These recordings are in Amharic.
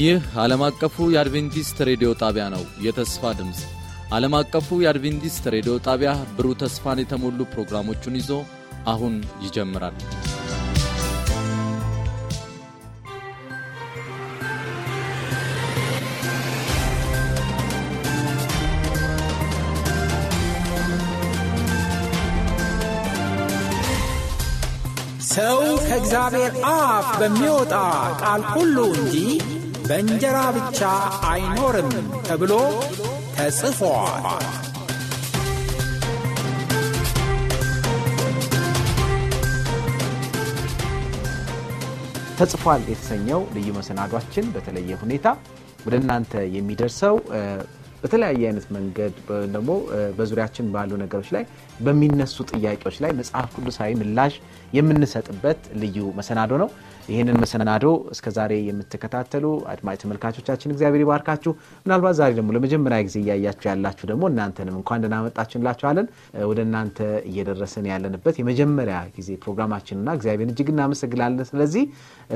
ይህ ዓለም አቀፉ የአድቬንቲስት ሬዲዮ ጣቢያ ነው። የተስፋ ድምፅ ዓለም አቀፉ የአድቬንቲስት ሬዲዮ ጣቢያ ብሩህ ተስፋን የተሞሉ ፕሮግራሞቹን ይዞ አሁን ይጀምራል። ሰው ከእግዚአብሔር አፍ በሚወጣ ቃል ሁሉ እንጂ በእንጀራ ብቻ አይኖርም ተብሎ ተጽፏል። ተጽፏል የተሰኘው ልዩ መሰናዷችን በተለየ ሁኔታ ወደ እናንተ የሚደርሰው በተለያየ አይነት መንገድ ደግሞ በዙሪያችን ባሉ ነገሮች ላይ በሚነሱ ጥያቄዎች ላይ መጽሐፍ ቅዱሳዊ ምላሽ የምንሰጥበት ልዩ መሰናዶ ነው። ይህንን መሰናዶ እስከ ዛሬ የምትከታተሉ አድማጭ ተመልካቾቻችን እግዚአብሔር ይባርካችሁ። ምናልባት ዛሬ ደግሞ ለመጀመሪያ ጊዜ እያያችሁ ያላችሁ ደግሞ እናንተንም እንኳን እንደናመጣችን መጣችሁ ወደ እናንተ እየደረስን ያለንበት የመጀመሪያ ጊዜ ፕሮግራማችንና እግዚአብሔር እጅግ እናመሰግናለን። ስለዚህ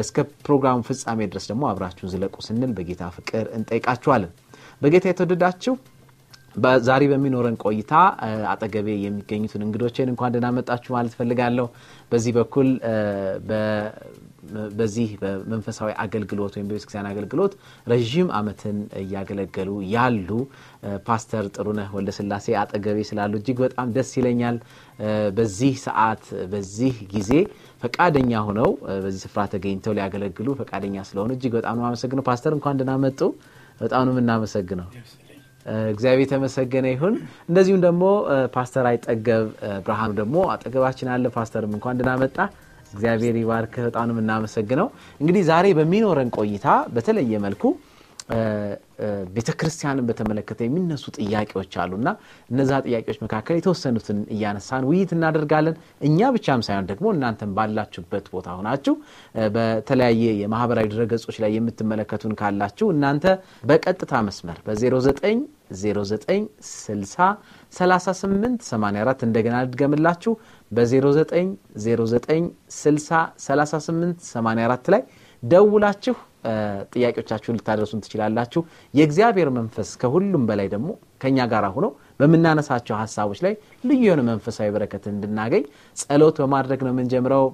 እስከ ፕሮግራሙ ፍጻሜ ድረስ ደግሞ አብራችሁን ዝለቁ ስንል በጌታ ፍቅር እንጠይቃችኋለን። በጌታ የተወደዳችው ዛሬ በሚኖረን ቆይታ አጠገቤ የሚገኙትን እንግዶችን እንኳን እንድናመጣችሁ መጣችሁ ማለት ፈልጋለሁ። በዚህ በኩል በዚህ በመንፈሳዊ አገልግሎት ወይም በቤተክርስቲያን አገልግሎት ረዥም አመትን እያገለገሉ ያሉ ፓስተር ጥሩነህ ወለስላሴ አጠገቤ ስላሉ እጅግ በጣም ደስ ይለኛል። በዚህ ሰዓት በዚህ ጊዜ ፈቃደኛ ሆነው በዚህ ስፍራ ተገኝተው ሊያገለግሉ ፈቃደኛ ስለሆኑ እጅግ በጣም ነው አመሰግነው። ፓስተር እንኳን እንድናመጡ መጡ። በጣም ነው የምናመሰግነው። እግዚአብሔር የተመሰገነ ይሁን። እንደዚሁም ደግሞ ፓስተር አይጠገብ ብርሃኑ ደግሞ አጠገባችን አለ። ፓስተርም እንኳን እንድናመጣ እግዚአብሔር ይባርክህ። በጣም ነው የምናመሰግነው። እንግዲህ ዛሬ በሚኖረን ቆይታ በተለየ መልኩ ቤተ ክርስቲያንን በተመለከተ የሚነሱ ጥያቄዎች አሉና እነዛ ጥያቄዎች መካከል የተወሰኑትን እያነሳን ውይይት እናደርጋለን። እኛ ብቻም ሳይሆን ደግሞ እናንተም ባላችሁበት ቦታ ሆናችሁ በተለያየ የማህበራዊ ድረገጾች ላይ የምትመለከቱን ካላችሁ እናንተ በቀጥታ መስመር በ09 09603884 እንደገና ልድገምላችሁ በ0909603884 ላይ ደውላችሁ ጥያቄዎቻችሁን ልታደርሱን ትችላላችሁ። የእግዚአብሔር መንፈስ ከሁሉም በላይ ደግሞ ከእኛ ጋር ሁኖ በምናነሳቸው ሀሳቦች ላይ ልዩ የሆነ መንፈሳዊ በረከት እንድናገኝ ጸሎት በማድረግ ነው የምንጀምረው።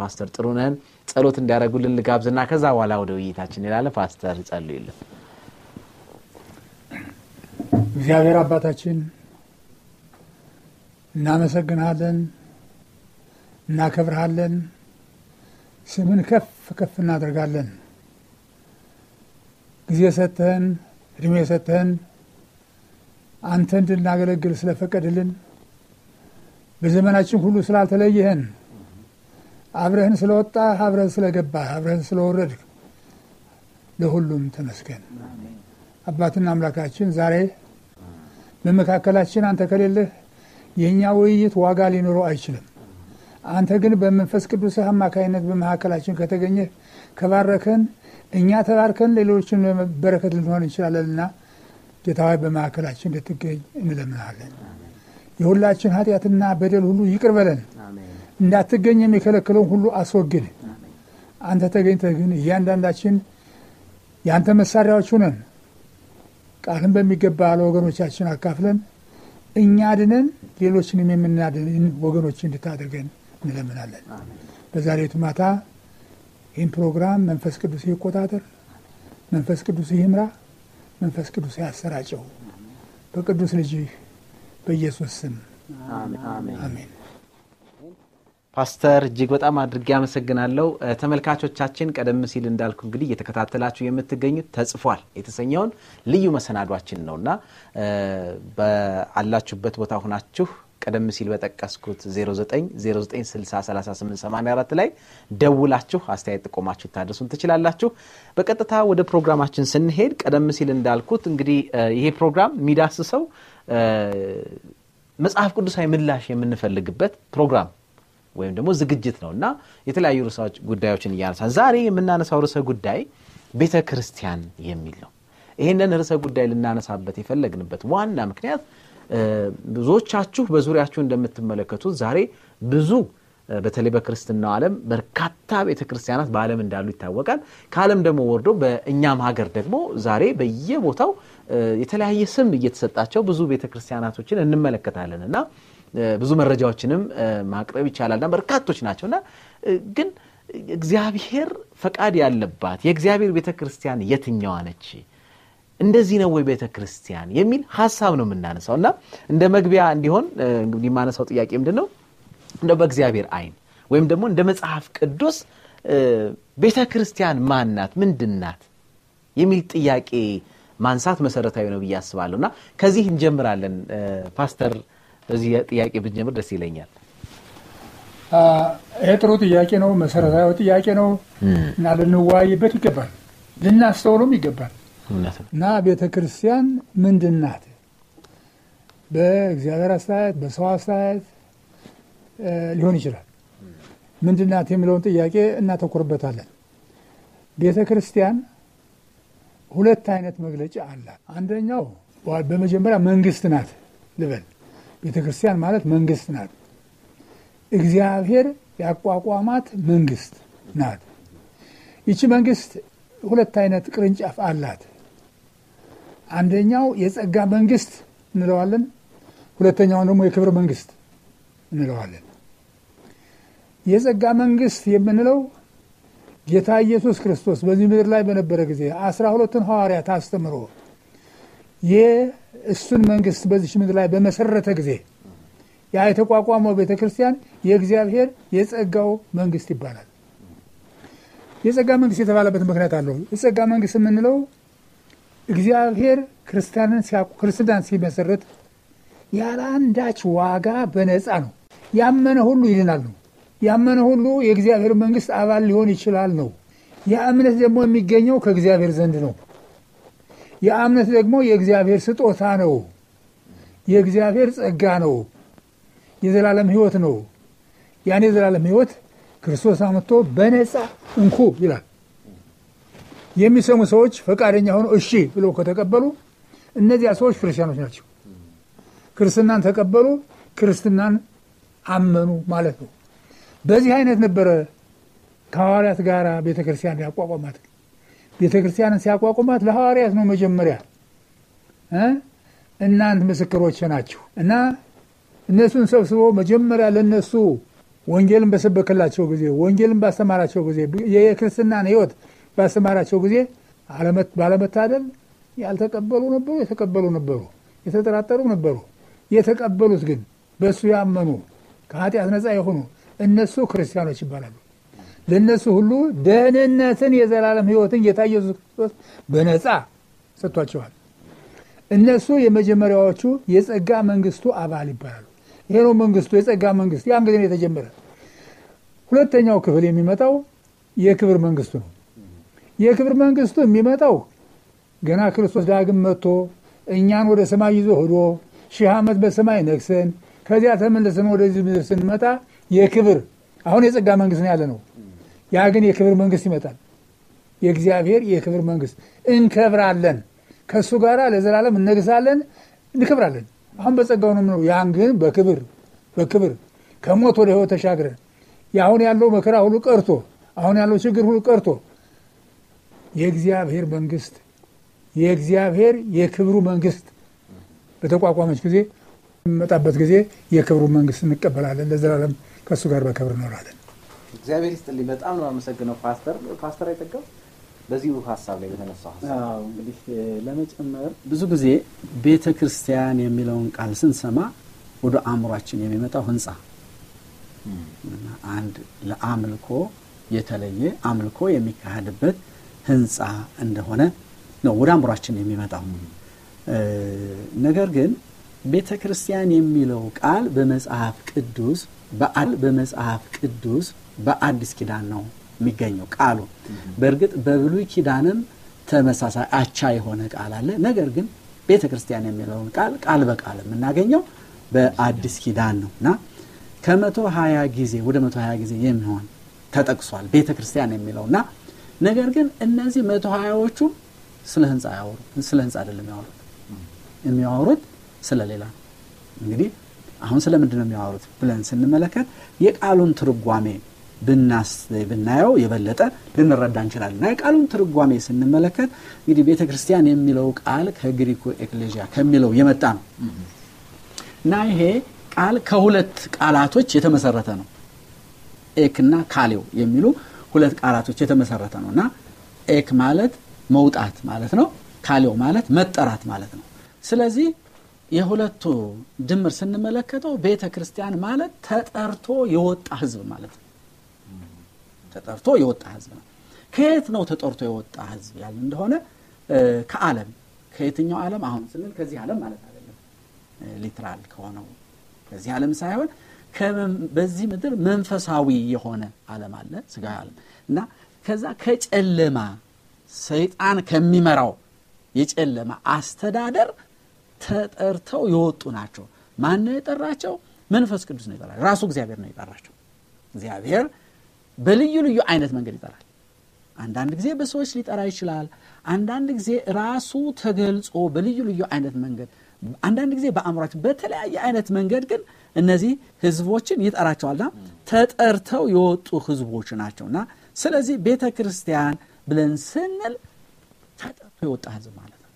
ፓስተር ጥሩነን ጸሎት እንዲያደርጉልን ልጋብዝና ከዛ በኋላ ወደ ውይይታችን ይላለ። ፓስተር ጸልዩልን። እግዚአብሔር አባታችን እናመሰግናለን እናከብርሃለን፣ ስምን ከፍ ከፍ እናደርጋለን ጊዜ ሰጥተህን እድሜ ሰጥተህን አንተ እንድናገለግል ስለፈቀድልን በዘመናችን ሁሉ ስላልተለየህን አብረህን ስለወጣ አብረህን ስለገባ አብረህን ስለወረድ ለሁሉም ተመስገን። አባትና አምላካችን ዛሬ በመካከላችን አንተ ከሌለህ የእኛ ውይይት ዋጋ ሊኖረው አይችልም። አንተ ግን በመንፈስ ቅዱስህ አማካይነት በመካከላችን ከተገኘህ ከባረከን እኛ ተባርከን ሌሎችን በረከት ልንሆን እንችላለንና ጌታዋ በማዕከላችን እንድትገኝ እንለምናለን። የሁላችን ኃጢአትና በደል ሁሉ ይቅር በለን፣ እንዳትገኝ የሚከለክለውን ሁሉ አስወግድ። አንተ ተገኝተህ ግን እያንዳንዳችን የአንተ መሳሪያዎች ሁነን ቃልን በሚገባ ለወገኖቻችን አካፍለን እኛ አድነን ሌሎችንም የምናድን ወገኖች እንድታደርገን እንለምናለን። በዛሬቱ ማታ ይህን ፕሮግራም መንፈስ ቅዱስ ይቆጣጠር፣ መንፈስ ቅዱስ ይምራ፣ መንፈስ ቅዱስ ያሰራጨው በቅዱስ ልጅ በኢየሱስ ስም አሜን። ፓስተር እጅግ በጣም አድርጌ አመሰግናለሁ። ተመልካቾቻችን ቀደም ሲል እንዳልኩ እንግዲህ እየተከታተላችሁ የምትገኙት ተጽፏል የተሰኘውን ልዩ መሰናዷችን እና በአላችሁበት ቦታ ሁናችሁ ቀደም ሲል በጠቀስኩት 0909603884 ላይ ደውላችሁ አስተያየት ጥቆማችሁ ልታደርሱን ትችላላችሁ። በቀጥታ ወደ ፕሮግራማችን ስንሄድ ቀደም ሲል እንዳልኩት እንግዲህ ይሄ ፕሮግራም ሚዳስሰው መጽሐፍ ቅዱሳዊ ምላሽ የምንፈልግበት ፕሮግራም ወይም ደግሞ ዝግጅት ነው እና የተለያዩ ርዕሰ ጉዳዮችን እያነሳ ዛሬ የምናነሳው ርዕሰ ጉዳይ ቤተ ክርስቲያን የሚል ነው። ይህንን ርዕሰ ጉዳይ ልናነሳበት የፈለግንበት ዋና ምክንያት ብዙዎቻችሁ በዙሪያችሁ እንደምትመለከቱት ዛሬ ብዙ በተለይ በክርስትናው ዓለም በርካታ ቤተ ክርስቲያናት በዓለም እንዳሉ ይታወቃል። ከዓለም ደግሞ ወርዶ በእኛም ሀገር ደግሞ ዛሬ በየቦታው የተለያየ ስም እየተሰጣቸው ብዙ ቤተ ክርስቲያናቶችን እንመለከታለን እና ብዙ መረጃዎችንም ማቅረብ ይቻላልና በርካቶች ናቸውና ግን እግዚአብሔር ፈቃድ ያለባት የእግዚአብሔር ቤተ ክርስቲያን የትኛዋ ነች? እንደዚህ ነው ወይ ቤተ ክርስቲያን የሚል ሀሳብ ነው የምናነሳው እና እንደ መግቢያ እንዲሆን የማነሳው ጥያቄ ምንድን ነው እንደ በእግዚአብሔር አይን ወይም ደግሞ እንደ መጽሐፍ ቅዱስ ቤተ ክርስቲያን ማናት ምንድናት የሚል ጥያቄ ማንሳት መሰረታዊ ነው ብዬ አስባለሁ እና ከዚህ እንጀምራለን ፓስተር በዚህ ጥያቄ ብንጀምር ደስ ይለኛል ይህ ጥሩ ጥያቄ ነው መሰረታዊ ጥያቄ ነው እና ልንዋይበት ይገባል ልናስተውሉም ይገባል እና ቤተ ክርስቲያን ምንድን ናት? በእግዚአብሔር አስተያየት፣ በሰው አስተያየት ሊሆን ይችላል። ምንድን ናት የሚለውን ጥያቄ እናተኩርበታለን። ቤተ ክርስቲያን ሁለት አይነት መግለጫ አላት። አንደኛው በመጀመሪያ መንግስት ናት ልበል። ቤተ ክርስቲያን ማለት መንግስት ናት። እግዚአብሔር ያቋቋማት መንግስት ናት። ይቺ መንግስት ሁለት አይነት ቅርንጫፍ አላት። አንደኛው የጸጋ መንግስት እንለዋለን። ሁለተኛውን ደግሞ የክብር መንግስት እንለዋለን። የጸጋ መንግስት የምንለው ጌታ ኢየሱስ ክርስቶስ በዚህ ምድር ላይ በነበረ ጊዜ አስራ ሁለቱን ሐዋርያት አስተምሮ የእሱን መንግስት በዚች ምድር ላይ በመሰረተ ጊዜ ያ የተቋቋመው ቤተ ክርስቲያን የእግዚአብሔር የጸጋው መንግስት ይባላል። የጸጋ መንግስት የተባለበት ምክንያት አለው። የጸጋ መንግስት የምንለው እግዚአብሔር ክርስቲያንን ክርስትናን ሲመሰረት ያለ አንዳች ዋጋ በነፃ ነው። ያመነ ሁሉ ይድናል ነው። ያመነ ሁሉ የእግዚአብሔር መንግስት አባል ሊሆን ይችላል ነው። ያ እምነት ደግሞ የሚገኘው ከእግዚአብሔር ዘንድ ነው። ያ እምነት ደግሞ የእግዚአብሔር ስጦታ ነው። የእግዚአብሔር ጸጋ ነው። የዘላለም ህይወት ነው። ያን የዘላለም ህይወት ክርስቶስ አምጥቶ በነፃ እንኩ ይላል። የሚሰሙ ሰዎች ፈቃደኛ ሆኖ እሺ ብለው ከተቀበሉ እነዚያ ሰዎች ክርስቲያኖች ናቸው። ክርስትናን ተቀበሉ፣ ክርስትናን አመኑ ማለት ነው። በዚህ አይነት ነበረ ከሐዋርያት ጋር ቤተ ክርስቲያን ያቋቋማት። ቤተ ክርስቲያንን ሲያቋቁማት ለሐዋርያት ነው መጀመሪያ እናንት ምስክሮች ናችሁ እና እነሱን ሰብስቦ መጀመሪያ ለነሱ ወንጌልን በሰበከላቸው ጊዜ፣ ወንጌልን ባስተማራቸው ጊዜ የክርስትናን ህይወት ባስተማራቸው ጊዜ ባለመታደል ያልተቀበሉ ነበሩ፣ የተቀበሉ ነበሩ፣ የተጠራጠሩ ነበሩ። የተቀበሉት ግን በእሱ ያመኑ ከኃጢአት ነፃ የሆኑ እነሱ ክርስቲያኖች ይባላሉ። ለእነሱ ሁሉ ደህንነትን የዘላለም ሕይወትን ጌታ ኢየሱስ ክርስቶስ በነፃ ሰጥቷቸዋል። እነሱ የመጀመሪያዎቹ የጸጋ መንግስቱ አባል ይባላሉ። ይሄ ነው መንግስቱ፣ የጸጋ መንግስት ያን ጊዜ ነው የተጀመረ። ሁለተኛው ክፍል የሚመጣው የክብር መንግስቱ ነው። የክብር መንግስቱ የሚመጣው ገና ክርስቶስ ዳግም መጥቶ እኛን ወደ ሰማይ ይዞ ሂዶ ሺህ ዓመት በሰማይ ነግሰን ከዚያ ተመልሰን ወደዚህ ምድር ስንመጣ የክብር አሁን የጸጋ መንግስት ያለ ነው። ያ ግን የክብር መንግስት ይመጣል። የእግዚአብሔር የክብር መንግስት እንከብራለን፣ ከእሱ ጋር ለዘላለም እነግሳለን፣ እንከብራለን። አሁን በጸጋው ነው ምነው። ያን ግን በክብር በክብር ከሞት ወደ ህይወት ተሻግረን የአሁን ያለው መከራ ሁሉ ቀርቶ አሁን ያለው ችግር ሁሉ ቀርቶ የእግዚአብሔር መንግስት የእግዚአብሔር የክብሩ መንግስት በተቋቋመች ጊዜ የምመጣበት ጊዜ የክብሩ መንግስት እንቀበላለን። ለዘላለም ከእሱ ጋር በክብር እኖራለን። እግዚአብሔር ይስጥልኝ። በጣም ነው አመሰግነው ፓስተር ፓስተር አይጠቀም በዚሁ ሀሳብ ላይ በተነሳ እንግዲህ ለመጨመር ብዙ ጊዜ ቤተ ክርስቲያን የሚለውን ቃል ስንሰማ ወደ አእምሯችን የሚመጣው ህንፃ አንድ ለአምልኮ የተለየ አምልኮ የሚካሄድበት ህንፃ እንደሆነ ነው ወደ አምሯችን የሚመጣው። ነገር ግን ቤተ ክርስቲያን የሚለው ቃል በመጽሐፍ ቅዱስ በአል በመጽሐፍ ቅዱስ በአዲስ ኪዳን ነው የሚገኘው ቃሉ። በእርግጥ በብሉይ ኪዳንም ተመሳሳይ አቻ የሆነ ቃል አለ። ነገር ግን ቤተ ክርስቲያን የሚለውን ቃል ቃል በቃል የምናገኘው በአዲስ ኪዳን ነው እና ከመቶ ሀያ ጊዜ ወደ መቶ ሀያ ጊዜ የሚሆን ተጠቅሷል ቤተ ክርስቲያን እና ነገር ግን እነዚህ መቶ ሀያዎቹ ስለ ህንፃ ያወሩ ስለ ህንፃ አደለም የሚያወሩት የሚያወሩት ስለ ሌላ ነው እንግዲህ አሁን ስለምንድን ነው የሚያወሩት ብለን ስንመለከት የቃሉን ትርጓሜ ብናየው የበለጠ ልንረዳ እንችላለን እና የቃሉን ትርጓሜ ስንመለከት እንግዲህ ቤተ ክርስቲያን የሚለው ቃል ከግሪኮ ኤክሌዥያ ከሚለው የመጣ ነው እና ይሄ ቃል ከሁለት ቃላቶች የተመሰረተ ነው ኤክና ካሌው የሚሉ ሁለት ቃላቶች የተመሰረተ ነው እና ኤክ ማለት መውጣት ማለት ነው። ካሊዮ ማለት መጠራት ማለት ነው። ስለዚህ የሁለቱ ድምር ስንመለከተው ቤተ ክርስቲያን ማለት ተጠርቶ የወጣ ህዝብ ማለት ነው። ተጠርቶ የወጣ ህዝብ ነው። ከየት ነው ተጠርቶ የወጣ ህዝብ ያለ እንደሆነ ከአለም ከየትኛው አለም አሁን ስንል ከዚህ አለም ማለት አይደለም። ሊትራል ከሆነው በዚህ ዓለም ሳይሆን በዚህ ምድር መንፈሳዊ የሆነ ዓለም አለ ስጋዊ ዓለም እና ከዛ ከጨለማ ሰይጣን ከሚመራው የጨለማ አስተዳደር ተጠርተው የወጡ ናቸው። ማን ነው የጠራቸው? መንፈስ ቅዱስ ነው የጠራቸው። ራሱ እግዚአብሔር ነው የጠራቸው። እግዚአብሔር በልዩ ልዩ አይነት መንገድ ይጠራል። አንዳንድ ጊዜ በሰዎች ሊጠራ ይችላል። አንዳንድ ጊዜ ራሱ ተገልጾ በልዩ ልዩ አይነት መንገድ አንዳንድ ጊዜ በአእምሯችን በተለያየ አይነት መንገድ ግን እነዚህ ህዝቦችን ይጠራቸዋልና ተጠርተው የወጡ ህዝቦች ናቸውና ስለዚህ ቤተ ክርስቲያን ብለን ስንል ተጠርቶ የወጣ ህዝብ ማለት ነው።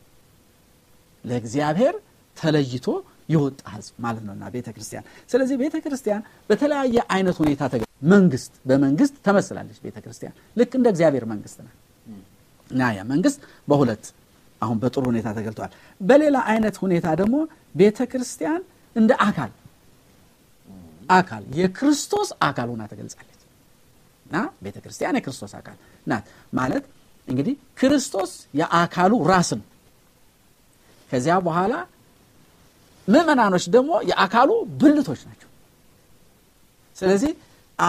ለእግዚአብሔር ተለይቶ የወጣ ህዝብ ማለት ነውና ቤተ ክርስቲያን። ስለዚህ ቤተ ክርስቲያን በተለያየ አይነት ሁኔታ ተገ መንግስት በመንግስት ተመስላለች ቤተ ክርስቲያን ልክ እንደ እግዚአብሔር መንግስት ናት እና ያ መንግስት በሁለት አሁን በጥሩ ሁኔታ ተገልጠዋል በሌላ አይነት ሁኔታ ደግሞ ቤተ ክርስቲያን እንደ አካል አካል የክርስቶስ አካል ሆና ተገልጻለች እና ቤተ ክርስቲያን የክርስቶስ አካል ናት ማለት እንግዲህ ክርስቶስ የአካሉ ራስ ነው ከዚያ በኋላ ምእመናኖች ደግሞ የአካሉ ብልቶች ናቸው ስለዚህ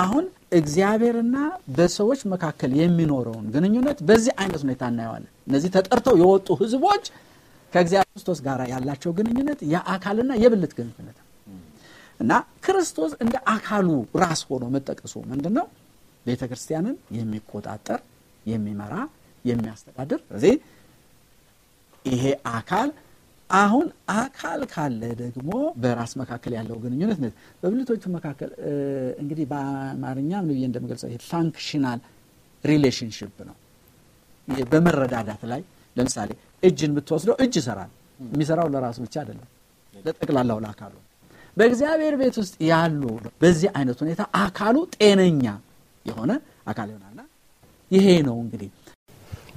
አሁን እግዚአብሔርና በሰዎች መካከል የሚኖረውን ግንኙነት በዚህ አይነት ሁኔታ እናየዋለን። እነዚህ ተጠርተው የወጡ ህዝቦች ከእግዚአብሔር ክርስቶስ ጋር ያላቸው ግንኙነት የአካልና የብልት ግንኙነት ነው እና ክርስቶስ እንደ አካሉ ራስ ሆኖ መጠቀሱ ምንድን ነው? ቤተ ክርስቲያንን የሚቆጣጠር የሚመራ፣ የሚያስተዳድር ስለዚህ ይሄ አካል አሁን አካል ካለ ደግሞ በራስ መካከል ያለው ግንኙነት ነት በብልቶቹ መካከል እንግዲህ በአማርኛ ምን ብዬ እንደምገልጸው ይሄ ፋንክሽናል ሪሌሽንሽፕ ነው። በመረዳዳት ላይ ለምሳሌ እጅን ብትወስደው እጅ ይሰራል። የሚሰራው ለራሱ ብቻ አይደለም፣ ለጠቅላላው ለአካሉ። በእግዚአብሔር ቤት ውስጥ ያሉ በዚህ አይነት ሁኔታ አካሉ ጤነኛ የሆነ አካል ይሆናልና ይሄ ነው እንግዲህ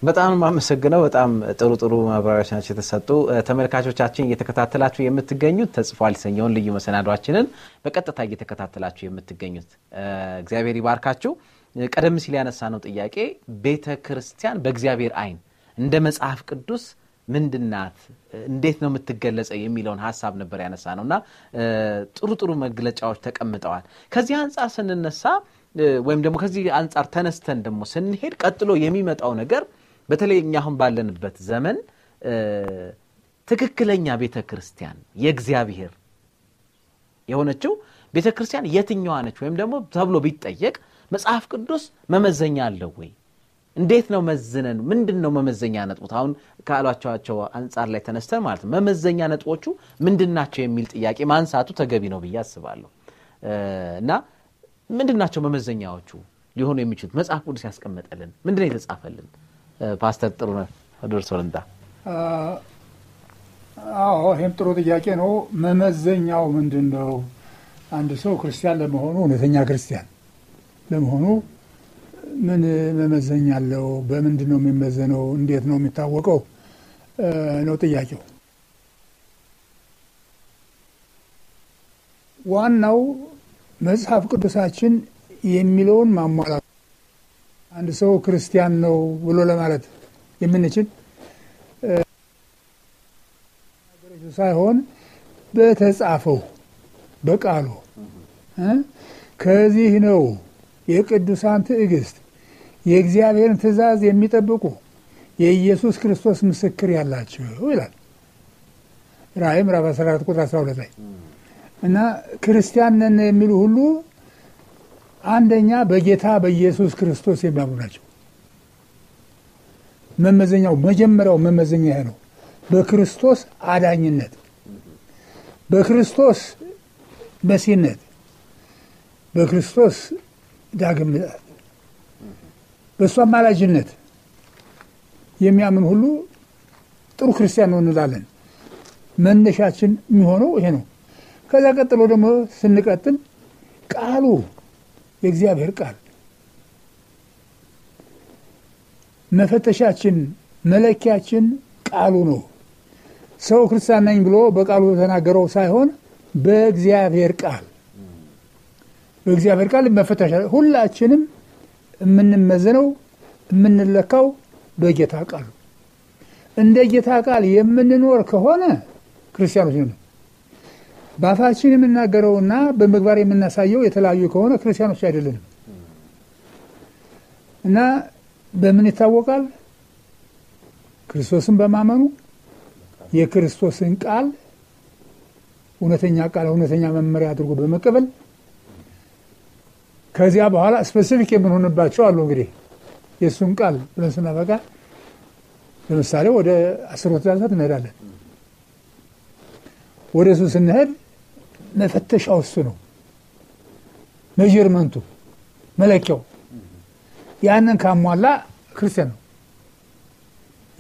በጣም የማመሰግነው በጣም ጥሩ ጥሩ ማብራሪያዎች ናቸው የተሰጡ። ተመልካቾቻችን እየተከታተላችሁ የምትገኙት ተጽፏል ሰኘውን ልዩ መሰናዷችንን በቀጥታ እየተከታተላችሁ የምትገኙት እግዚአብሔር ይባርካችሁ። ቀደም ሲል ነው ጥያቄ ቤተ ክርስቲያን በእግዚአብሔር አይን እንደ መጽሐፍ ቅዱስ ምንድናት፣ እንዴት ነው የምትገለጸ የሚለውን ሀሳብ ነበር ያነሳ ነው እና ጥሩ ጥሩ መግለጫዎች ተቀምጠዋል። ከዚህ አንጻር ስንነሳ ወይም ደግሞ ከዚህ አንጻር ተነስተን ደግሞ ስንሄድ ቀጥሎ የሚመጣው ነገር በተለይ እኛ አሁን ባለንበት ዘመን ትክክለኛ ቤተ ክርስቲያን የእግዚአብሔር የሆነችው ቤተ ክርስቲያን የትኛዋ ነች ወይም ደግሞ ተብሎ ቢጠየቅ መጽሐፍ ቅዱስ መመዘኛ አለው ወይ? እንዴት ነው መዝነን? ምንድን ነው መመዘኛ ነጥቦት? አሁን ካሏቸዋቸው አንጻር ላይ ተነስተን ማለት ነው መመዘኛ ነጥቦቹ ምንድን ናቸው የሚል ጥያቄ ማንሳቱ ተገቢ ነው ብዬ አስባለሁ። እና ምንድን ናቸው መመዘኛዎቹ ሊሆኑ የሚችሉት? መጽሐፍ ቅዱስ ያስቀመጠልን ምንድን የተጻፈልን? ፓስተር ነ ደርሶ ልምጣ። አዎ ይህም ጥሩ ጥያቄ ነው። መመዘኛው ምንድን ነው? አንድ ሰው ክርስቲያን ለመሆኑ እውነተኛ ክርስቲያን ለመሆኑ ምን መመዘኛ አለው? በምንድን ነው የሚመዘነው? እንዴት ነው የሚታወቀው? ነው ጥያቄው። ዋናው መጽሐፍ ቅዱሳችን የሚለውን ማሟላት አንድ ሰው ክርስቲያን ነው ብሎ ለማለት የምንችል ሳይሆን በተጻፈው በቃሉ ከዚህ ነው የቅዱሳን ትዕግስት የእግዚአብሔርን ትእዛዝ የሚጠብቁ የኢየሱስ ክርስቶስ ምስክር ያላቸው ይላል ራእይ ምዕራፍ 14 ቁጥር 12 ላይ እና ክርስቲያን ነን የሚሉ ሁሉ አንደኛ በጌታ በኢየሱስ ክርስቶስ የሚያምኑ ናቸው። መመዘኛው መጀመሪያው መመዘኛ ይሄ ነው። በክርስቶስ አዳኝነት፣ በክርስቶስ መሲነት፣ በክርስቶስ ዳግም ምጣት፣ በእሱ አማላጅነት የሚያምን ሁሉ ጥሩ ክርስቲያን ነው እንላለን። መነሻችን የሚሆነው ይሄ ነው። ከዛ ቀጥሎ ደግሞ ስንቀጥል ቃሉ የእግዚአብሔር ቃል መፈተሻችን መለኪያችን ቃሉ ነው። ሰው ክርስቲያን ነኝ ብሎ በቃሉ ተናገረው ሳይሆን በእግዚአብሔር ቃል በእግዚአብሔር ቃል መፈተሻ። ሁላችንም የምንመዘነው የምንለካው በጌታ ቃል እንደ ጌታ ቃል የምንኖር ከሆነ ክርስቲያኖች ነው። በአፋችን የምናገረውና በምግባር የምናሳየው የተለያዩ ከሆነ ክርስቲያኖች አይደለንም። እና በምን ይታወቃል? ክርስቶስን በማመኑ የክርስቶስን ቃል እውነተኛ ቃል እውነተኛ መመሪያ አድርጎ በመቀበል ከዚያ በኋላ ስፔሲፊክ የምንሆንባቸው አሉ። እንግዲህ የእሱን ቃል ብለን ስናበቃ ለምሳሌ ወደ አስርቱ ትእዛዛት እንሄዳለን። ወደ እሱ ስንሄድ መፈተሻው እሱ ነው። መጀርመንቱ መለኪያው ያንን ካሟላ ክርስቲያን ነው።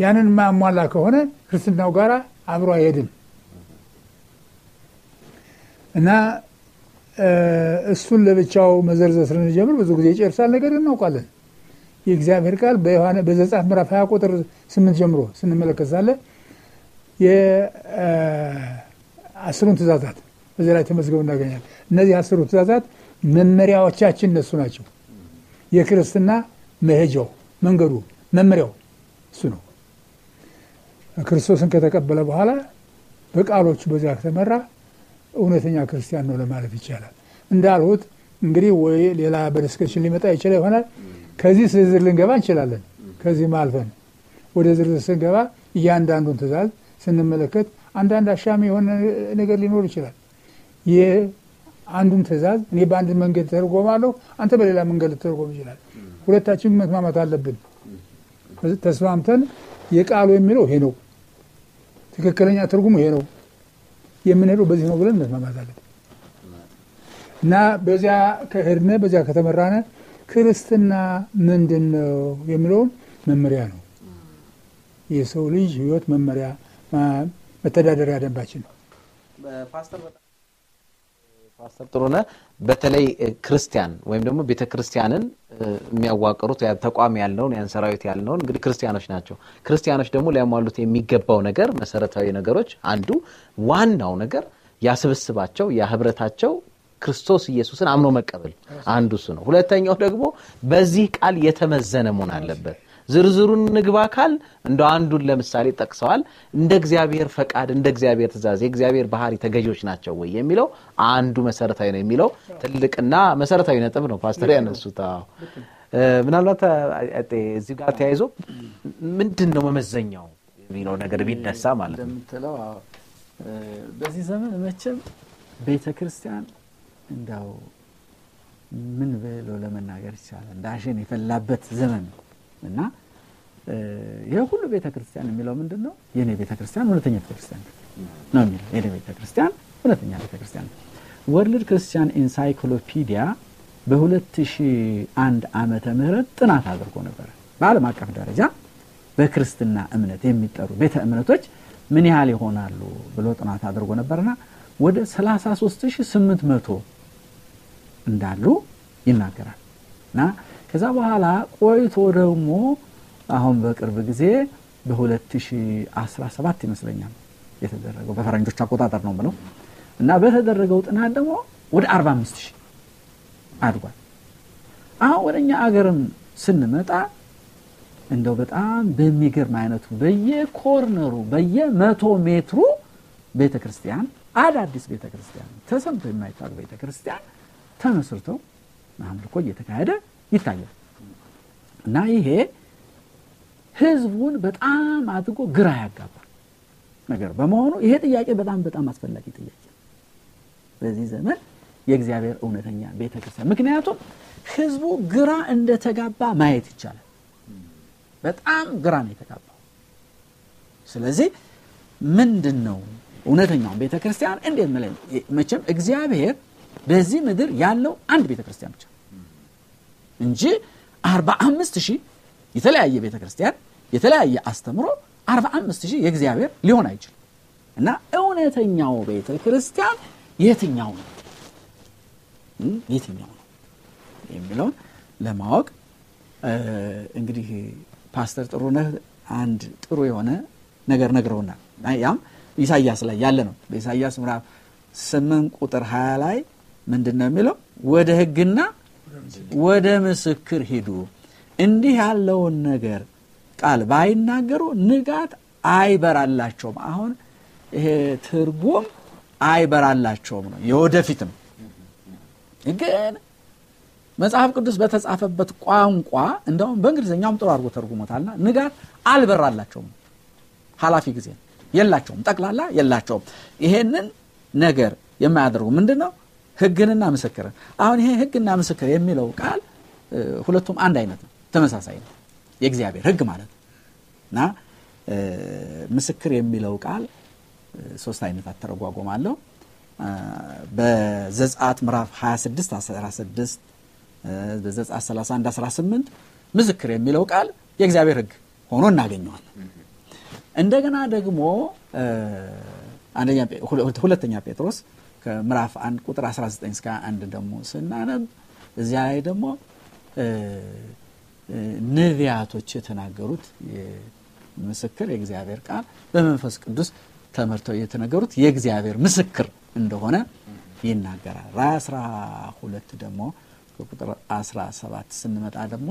ያንን ማሟላ ከሆነ ክርስትናው ጋር አብሮ አይሄድም እና እሱን ለብቻው መዘርዘር ስለሚጀምር ብዙ ጊዜ ይጨርሳል። ነገር እናውቃለን የእግዚአብሔር ቃል በዘጸአት ምዕራፍ 20 ቁጥር 8 ጀምሮ ስንመለከት ሳለ የአስሩን ትእዛዛት እዚህ ላይ ተመዝገቡ እናገኛል እነዚህ አስሩ ትእዛዛት መመሪያዎቻችን እነሱ ናቸው። የክርስትና መሄጃው መንገዱ መመሪያው እሱ ነው። ክርስቶስን ከተቀበለ በኋላ በቃሎቹ በዚያ ከተመራ እውነተኛ ክርስቲያን ነው ለማለት ይቻላል። እንዳልሁት እንግዲህ ወይ ሌላ በዲስከሽን ሊመጣ ይችላል ይሆናል። ከዚህ ዝርዝር ልንገባ እንችላለን። ከዚህ አልፈን ወደ ዝርዝር ስንገባ እያንዳንዱን ትእዛዝ ስንመለከት አንዳንድ አሻሚ የሆነ ነገር ሊኖር ይችላል። የአንዱን ትእዛዝ እኔ በአንድ መንገድ ተርጎማለሁ፣ አንተ በሌላ መንገድ ልተርጎም ይችላል። ሁለታችን መስማማት አለብን። ተስማምተን የቃሉ የሚለው ይሄ ነው፣ ትክክለኛ ትርጉሙ ይሄ ነው፣ የምንሄደው በዚህ ነው ብለን መስማማት አለብን እና በዚያ ከሄድነ በዚያ ከተመራነ ክርስትና ምንድን ነው የሚለውን መመሪያ ነው። የሰው ልጅ ሕይወት መመሪያ መተዳደሪያ ደንባችን ነው። ፓስተር ጥሩነህ በተለይ ክርስቲያን ወይም ደግሞ ቤተ ክርስቲያንን የሚያዋቅሩት ተቋም ያለውን ያን ሰራዊት ያለውን እንግዲህ ክርስቲያኖች ናቸው። ክርስቲያኖች ደግሞ ሊያሟሉት የሚገባው ነገር መሰረታዊ ነገሮች አንዱ ዋናው ነገር ያስብስባቸው ያህብረታቸው ክርስቶስ ኢየሱስን አምኖ መቀበል አንዱ እሱ ነው። ሁለተኛው ደግሞ በዚህ ቃል የተመዘነ መሆን አለበት። ዝርዝሩን ንግባ ካል እንደ አንዱን ለምሳሌ ጠቅሰዋል። እንደ እግዚአብሔር ፈቃድ፣ እንደ እግዚአብሔር ትእዛዝ የእግዚአብሔር ባህሪ ተገዢዎች ናቸው ወይ የሚለው አንዱ መሰረታዊ ነው የሚለው ትልቅና መሰረታዊ ነጥብ ነው ፓስተር ያነሱት። ምናልባት እዚህ ጋር ተያይዞ ምንድን ነው መመዘኛው የሚለው ነገር ቢነሳ ማለት ነው በዚህ ዘመን መቼም ቤተ ክርስቲያን እንዳው ምን ብሎ ለመናገር ይቻላል ዳሽን የፈላበት ዘመን ነው። እና ይሄ ሁሉ ቤተ ክርስቲያን የሚለው ምንድን ነው? የእኔ ቤተ ክርስቲያን እውነተኛ ቤተ ክርስቲያን ነው የሚለው የእኔ ቤተ ክርስቲያን እውነተኛ ቤተ ክርስቲያን ወርልድ ክርስቲያን ኢንሳይክሎፒዲያ በ2001 ዓመተ ምህረት ጥናት አድርጎ ነበረ። በአለም አቀፍ ደረጃ በክርስትና እምነት የሚጠሩ ቤተ እምነቶች ምን ያህል ይሆናሉ ብሎ ጥናት አድርጎ ነበርና ወደ 33800 እንዳሉ ይናገራል እና ከዛ በኋላ ቆይቶ ደግሞ አሁን በቅርብ ጊዜ በ2017 ይመስለኛል የተደረገው በፈረንጆች አቆጣጠር ነው ብለው እና በተደረገው ጥናት ደግሞ ወደ 45 ሺህ አድጓል። አሁን ወደ እኛ አገርም ስንመጣ እንደው በጣም በሚገርም አይነቱ በየኮርነሩ በየመቶ ሜትሩ ቤተ ክርስቲያን አዳዲስ ቤተ ክርስቲያን ተሰምቶ የማይታወቅ ቤተ ክርስቲያን ተመስርተው አምልኮ እየተካሄደ ይታያል። እና ይሄ ህዝቡን በጣም አድርጎ ግራ ያጋባ ነገር በመሆኑ ይሄ ጥያቄ በጣም በጣም አስፈላጊ ጥያቄ በዚህ ዘመን የእግዚአብሔር እውነተኛ ቤተ ክርስቲያን ምክንያቱም ህዝቡ ግራ እንደተጋባ ማየት ይቻላል። በጣም ግራ ነው የተጋባው። ስለዚህ ምንድን ነው እውነተኛውን ቤተ ክርስቲያን እንዴት መቼም እግዚአብሔር በዚህ ምድር ያለው አንድ ቤተ ክርስቲያን ብቻ እንጂ አርባ አምስት ሺህ የተለያየ ቤተ ክርስቲያን የተለያየ አስተምሮ አርባ አምስት ሺህ የእግዚአብሔር ሊሆን አይችልም እና እውነተኛው ቤተ ክርስቲያን የትኛው ነው የትኛው ነው የሚለውን ለማወቅ እንግዲህ ፓስተር ጥሩነህ አንድ ጥሩ የሆነ ነገር ነግረውናል። ያም ኢሳያስ ላይ ያለ ነው። በኢሳያስ ምራፍ ስምን ቁጥር ሀያ ላይ ምንድን ነው የሚለው ወደ ህግና ወደ ምስክር ሂዱ። እንዲህ ያለውን ነገር ቃል ባይናገሩ ንጋት አይበራላቸውም። አሁን ይሄ ትርጉም አይበራላቸውም ነው የወደፊትም ግን መጽሐፍ ቅዱስ በተጻፈበት ቋንቋ እንደውም በእንግሊዝኛውም ጥሩ አድርጎ ተርጉሞታልና ንጋት አልበራላቸውም። ሀላፊ ጊዜ የላቸውም፣ ጠቅላላ የላቸውም። ይሄንን ነገር የማያደርጉ ምንድን ነው ህግንና ምስክርን። አሁን ይሄ ህግና ምስክር የሚለው ቃል ሁለቱም አንድ አይነት ነው፣ ተመሳሳይ ነው። የእግዚአብሔር ህግ ማለት ነው እና ምስክር የሚለው ቃል ሶስት አይነት አተረጓጎም አለው። በዘጻት ምዕራፍ 26 16 በዘጸአት 31 18 ምስክር የሚለው ቃል የእግዚአብሔር ህግ ሆኖ እናገኘዋለን። እንደገና ደግሞ ሁለተኛ ጴጥሮስ ከምዕራፍ አንድ ቁጥር 19 እስከ አንድ ደግሞ ስናነብ እዚያ ላይ ደግሞ ነቢያቶች የተናገሩት ምስክር የእግዚአብሔር ቃል በመንፈስ ቅዱስ ተመርተው የተነገሩት የእግዚአብሔር ምስክር እንደሆነ ይናገራል። ራእይ 12 ደግሞ ቁጥር 17 ስንመጣ ደግሞ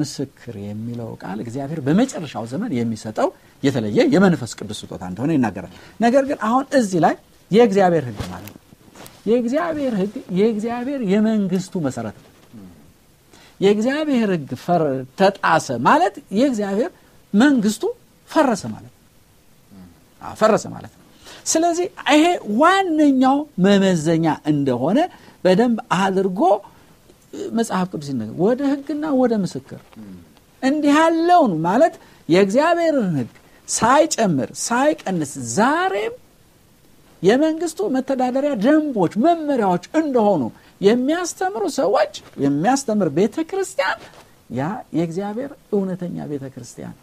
ምስክር የሚለው ቃል እግዚአብሔር በመጨረሻው ዘመን የሚሰጠው የተለየ የመንፈስ ቅዱስ ስጦታ እንደሆነ ይናገራል። ነገር ግን አሁን እዚህ ላይ የእግዚአብሔር ህግ ማለት ነው። የእግዚአብሔር ህግ የእግዚአብሔር የመንግስቱ መሰረት ነው። የእግዚአብሔር ህግ ተጣሰ ማለት የእግዚአብሔር መንግስቱ ፈረሰ ማለት ነው። ፈረሰ ማለት ነው። ስለዚህ ይሄ ዋነኛው መመዘኛ እንደሆነ በደንብ አድርጎ መጽሐፍ ቅዱስ ይነገር። ወደ ህግና ወደ ምስክር እንዲህ ያለውን ማለት የእግዚአብሔርን ህግ ሳይጨምር ሳይቀንስ ዛሬም የመንግስቱ መተዳደሪያ ደንቦች፣ መመሪያዎች እንደሆኑ የሚያስተምሩ ሰዎች የሚያስተምር ቤተ ክርስቲያን ያ የእግዚአብሔር እውነተኛ ቤተ ክርስቲያን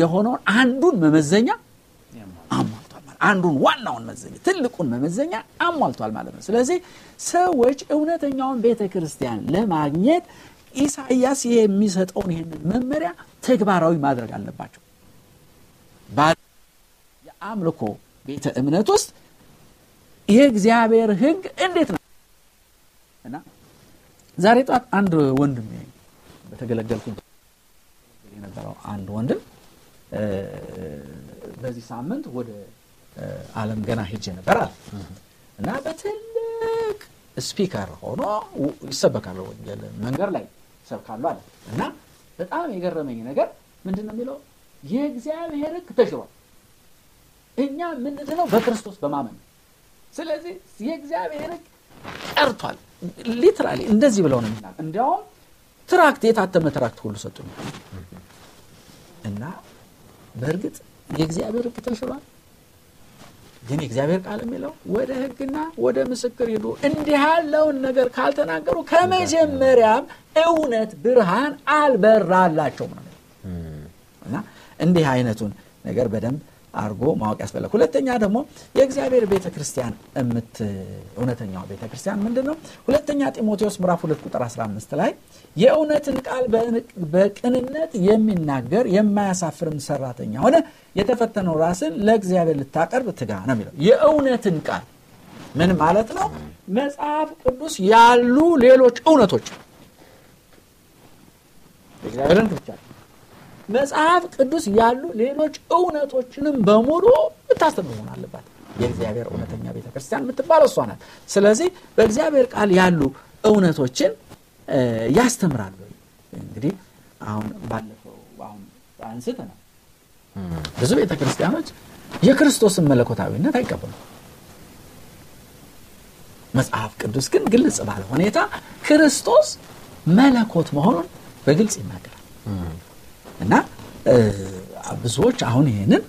የሆነውን አንዱን መመዘኛ አሟልቷል። አንዱን ዋናውን መዘኛ ትልቁን መመዘኛ አሟልቷል ማለት ነው። ስለዚህ ሰዎች እውነተኛውን ቤተ ክርስቲያን ለማግኘት ኢሳይያስ የሚሰጠውን ይህንን መመሪያ ተግባራዊ ማድረግ አለባቸው። የአምልኮ ቤተ እምነት ውስጥ የእግዚአብሔር ህግ እንዴት ነው እና ዛሬ ጠዋት አንድ ወንድም በተገለገልኩት የነበረው አንድ ወንድም በዚህ ሳምንት ወደ አለም ገና ሄጄ ነበር አለ እና በትልቅ ስፒከር ሆኖ ይሰበካል ወንጌል መንገድ ላይ ይሰብካሉ አለ እና በጣም የገረመኝ ነገር ምንድን ነው የሚለው የእግዚአብሔር ህግ ተሽሯል እኛ ምንድነው በክርስቶስ በማመን ነው ስለዚህ የእግዚአብሔር ህግ ቀርቷል ሊትራሊ እንደዚህ ብለው ነው የሚና እንዲያውም ትራክት የታተመ ትራክት ሁሉ ሰጡ እና በእርግጥ የእግዚአብሔር ህግ ተሽሯል ግን የእግዚአብሔር ቃል የሚለው ወደ ህግና ወደ ምስክር ሂዱ እንዲህ ያለውን ነገር ካልተናገሩ ከመጀመሪያም እውነት ብርሃን አልበራላቸውም ነው እና እንዲህ አይነቱን ነገር በደንብ አርጎ ማወቅ ያስፈልጋል። ሁለተኛ ደግሞ የእግዚአብሔር ቤተ ክርስቲያን እምት እውነተኛው ቤተ ክርስቲያን ምንድን ነው? ሁለተኛ ጢሞቴዎስ ምዕራፍ 2 ቁጥር 15 ላይ የእውነትን ቃል በቅንነት የሚናገር የማያሳፍርም ሰራተኛ ሆነ የተፈተነው ራስን ለእግዚአብሔር ልታቀርብ ትጋ ነው የሚለው የእውነትን ቃል ምን ማለት ነው? መጽሐፍ ቅዱስ ያሉ ሌሎች እውነቶች እግዚአብሔርን ብቻ መጽሐፍ ቅዱስ ያሉ ሌሎች እውነቶችንም በሙሉ የምታስተምር መሆን አለባት የእግዚአብሔር እውነተኛ ቤተ ክርስቲያን የምትባል እሷ ናት ስለዚህ በእግዚአብሔር ቃል ያሉ እውነቶችን ያስተምራሉ እንግዲህ አሁን ባለፈው አሁን አንስት ነው ብዙ ቤተ ክርስቲያኖች የክርስቶስን መለኮታዊነት አይቀበሉ መጽሐፍ ቅዱስ ግን ግልጽ ባለ ሁኔታ ክርስቶስ መለኮት መሆኑን በግልጽ ይናገራል እና ብዙዎች አሁን ይሄንን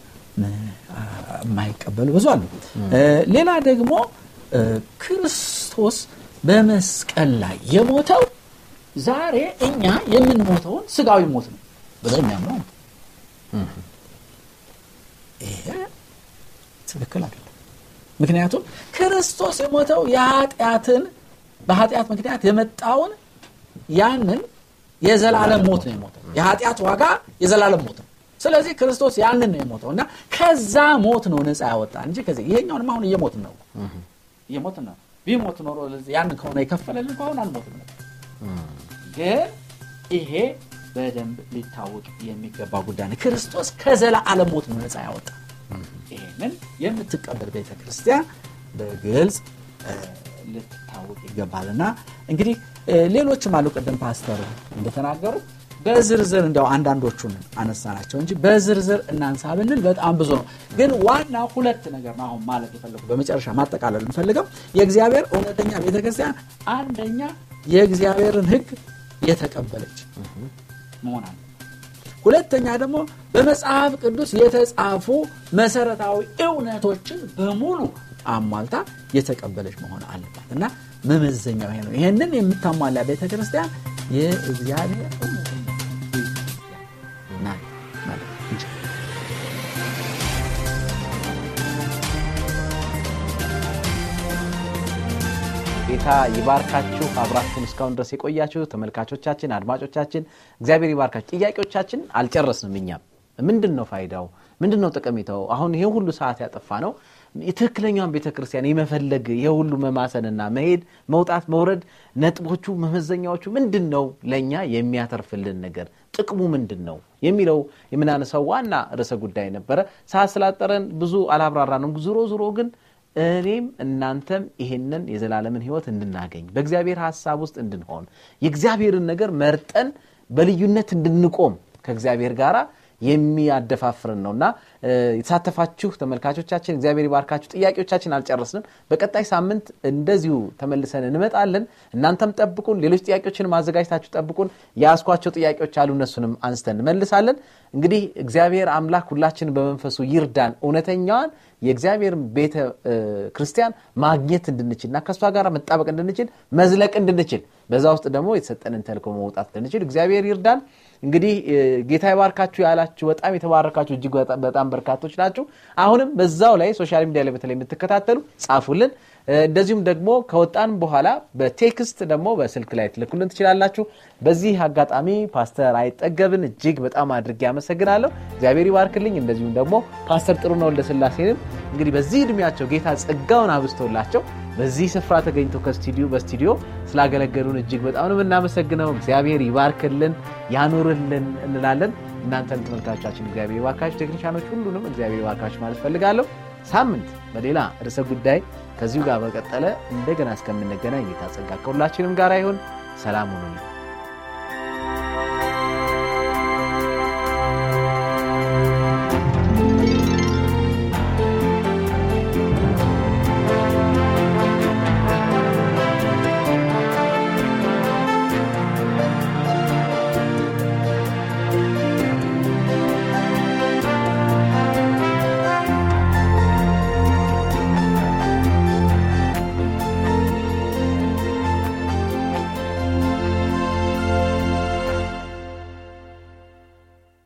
የማይቀበሉ ብዙ አሉ። ሌላ ደግሞ ክርስቶስ በመስቀል ላይ የሞተው ዛሬ እኛ የምንሞተውን ስጋዊ ሞት ነው ብለው የሚያምነው ይሄ ትክክል አይደለም። ምክንያቱም ክርስቶስ የሞተው የኃጢአትን በኃጢአት ምክንያት የመጣውን ያንን የዘላለም ሞት ነው የሞተው። የኃጢአት ዋጋ የዘላለም ሞት ነው። ስለዚህ ክርስቶስ ያንን ነው የሞተው እና ከዛ ሞት ነው ነፃ ያወጣ እንጂ ከዚህ ይሄኛውንም አሁን እየሞት ነው እየሞት ነው። ቢሞት ኖሮ ያንን ከሆነ የከፈለልን ከሆነ አልሞት ነበር። ግን ይሄ በደንብ ሊታወቅ የሚገባ ጉዳይ ነው። ክርስቶስ ከዘላለም ሞት ነው ነፃ ያወጣ። ይህንን የምትቀበል ቤተክርስቲያን በግልጽ ልትታወቅ ይገባልና እንግዲህ ሌሎችም አሉ። ቅድም ፓስተሩ እንደተናገሩት በዝርዝር እንዲያው አንዳንዶቹን አነሳ ናቸው እንጂ በዝርዝር እናንሳ ብንል በጣም ብዙ ነው። ግን ዋና ሁለት ነገር ነው አሁን ማለት የፈለጉ በመጨረሻ ማጠቃለል የምፈልገው የእግዚአብሔር እውነተኛ ቤተክርስቲያን አንደኛ የእግዚአብሔርን ህግ የተቀበለች መሆን አለ። ሁለተኛ ደግሞ በመጽሐፍ ቅዱስ የተጻፉ መሰረታዊ እውነቶችን በሙሉ አሟልታ የተቀበለች መሆን አለባት እና መመዘኛ ይሄ ነው። ይሄንን የምታሟላ ቤተክርስቲያን የእግዚአብሔር ጌታ ይባርካችሁ። አብራችሁን እስካሁን ድረስ የቆያችሁ ተመልካቾቻችን፣ አድማጮቻችን እግዚአብሔር ይባርካችሁ። ጥያቄዎቻችን አልጨረስንም። እኛም ምንድን ነው ፋይዳው፣ ምንድን ነው ጠቀሜታው? አሁን ይሄ ሁሉ ሰዓት ያጠፋ ነው የትክክለኛውን ቤተ ክርስቲያን የመፈለግ የሁሉ መማሰንና መሄድ መውጣት መውረድ ነጥቦቹ መመዘኛዎቹ ምንድን ነው፣ ለእኛ የሚያተርፍልን ነገር ጥቅሙ ምንድን ነው የሚለው የምናነሳው ዋና ርዕሰ ጉዳይ ነበረ። ሰዓት ስላጠረን ብዙ ነው ዝሮ ዝሮ ግን እኔም እናንተም ይሄንን የዘላለምን ህይወት እንድናገኝ በእግዚአብሔር ሀሳብ ውስጥ እንድንሆን የእግዚአብሔርን ነገር መርጠን በልዩነት እንድንቆም ከእግዚአብሔር ጋራ የሚያደፋፍርን ነው እና የተሳተፋችሁ ተመልካቾቻችን እግዚአብሔር ይባርካችሁ። ጥያቄዎቻችን አልጨረስንም። በቀጣይ ሳምንት እንደዚሁ ተመልሰን እንመጣለን። እናንተም ጠብቁን። ሌሎች ጥያቄዎችን ማዘጋጅታችሁ ጠብቁን። የያስኳቸው ጥያቄዎች አሉ። እነሱንም አንስተን እንመልሳለን። እንግዲህ እግዚአብሔር አምላክ ሁላችን በመንፈሱ ይርዳን። እውነተኛዋን የእግዚአብሔር ቤተ ክርስቲያን ማግኘት እንድንችል እና ከእሷ ጋር መጣበቅ እንድንችል መዝለቅ እንድንችል በዛ ውስጥ ደግሞ የተሰጠንን ተልኮ መውጣት እንድንችል እግዚአብሔር ይርዳን። እንግዲህ ጌታ ይባርካችሁ ያላችሁ በጣም የተባረካችሁ እጅግ በጣም በርካቶች ናችሁ። አሁንም በዛው ላይ ሶሻል ሚዲያ ላይ በተለይ የምትከታተሉ ጻፉልን። እንደዚሁም ደግሞ ከወጣን በኋላ በቴክስት ደግሞ በስልክ ላይ ትልኩልን ትችላላችሁ። በዚህ አጋጣሚ ፓስተር አይጠገብን እጅግ በጣም አድርጌ አመሰግናለሁ። እግዚአብሔር ይባርክልኝ። እንደዚሁም ደግሞ ፓስተር ጥሩነህ ወልደስላሴንም እንግዲህ በዚህ እድሜያቸው ጌታ ጸጋውን አብስቶላቸው በዚህ ስፍራ ተገኝቶ ከስቱዲዮ በስቱዲዮ ስላገለገሉን እጅግ በጣም ነው የምናመሰግነው። እግዚአብሔር ይባርክልን፣ ያኖርልን እንላለን። እናንተን ተመልካቾቻችን እግዚአብሔር ይባርካችሁ፣ ቴክኒሻኖች ሁሉንም እግዚአብሔር ይባርካችሁ ማለት ፈልጋለሁ። ሳምንት በሌላ ርዕሰ ጉዳይ ከዚሁ ጋር በቀጠለ እንደገና እስከምንገናኝ የታጸጋ ከሁላችንም ጋር ይሁን። ሰላም ሁኑልን።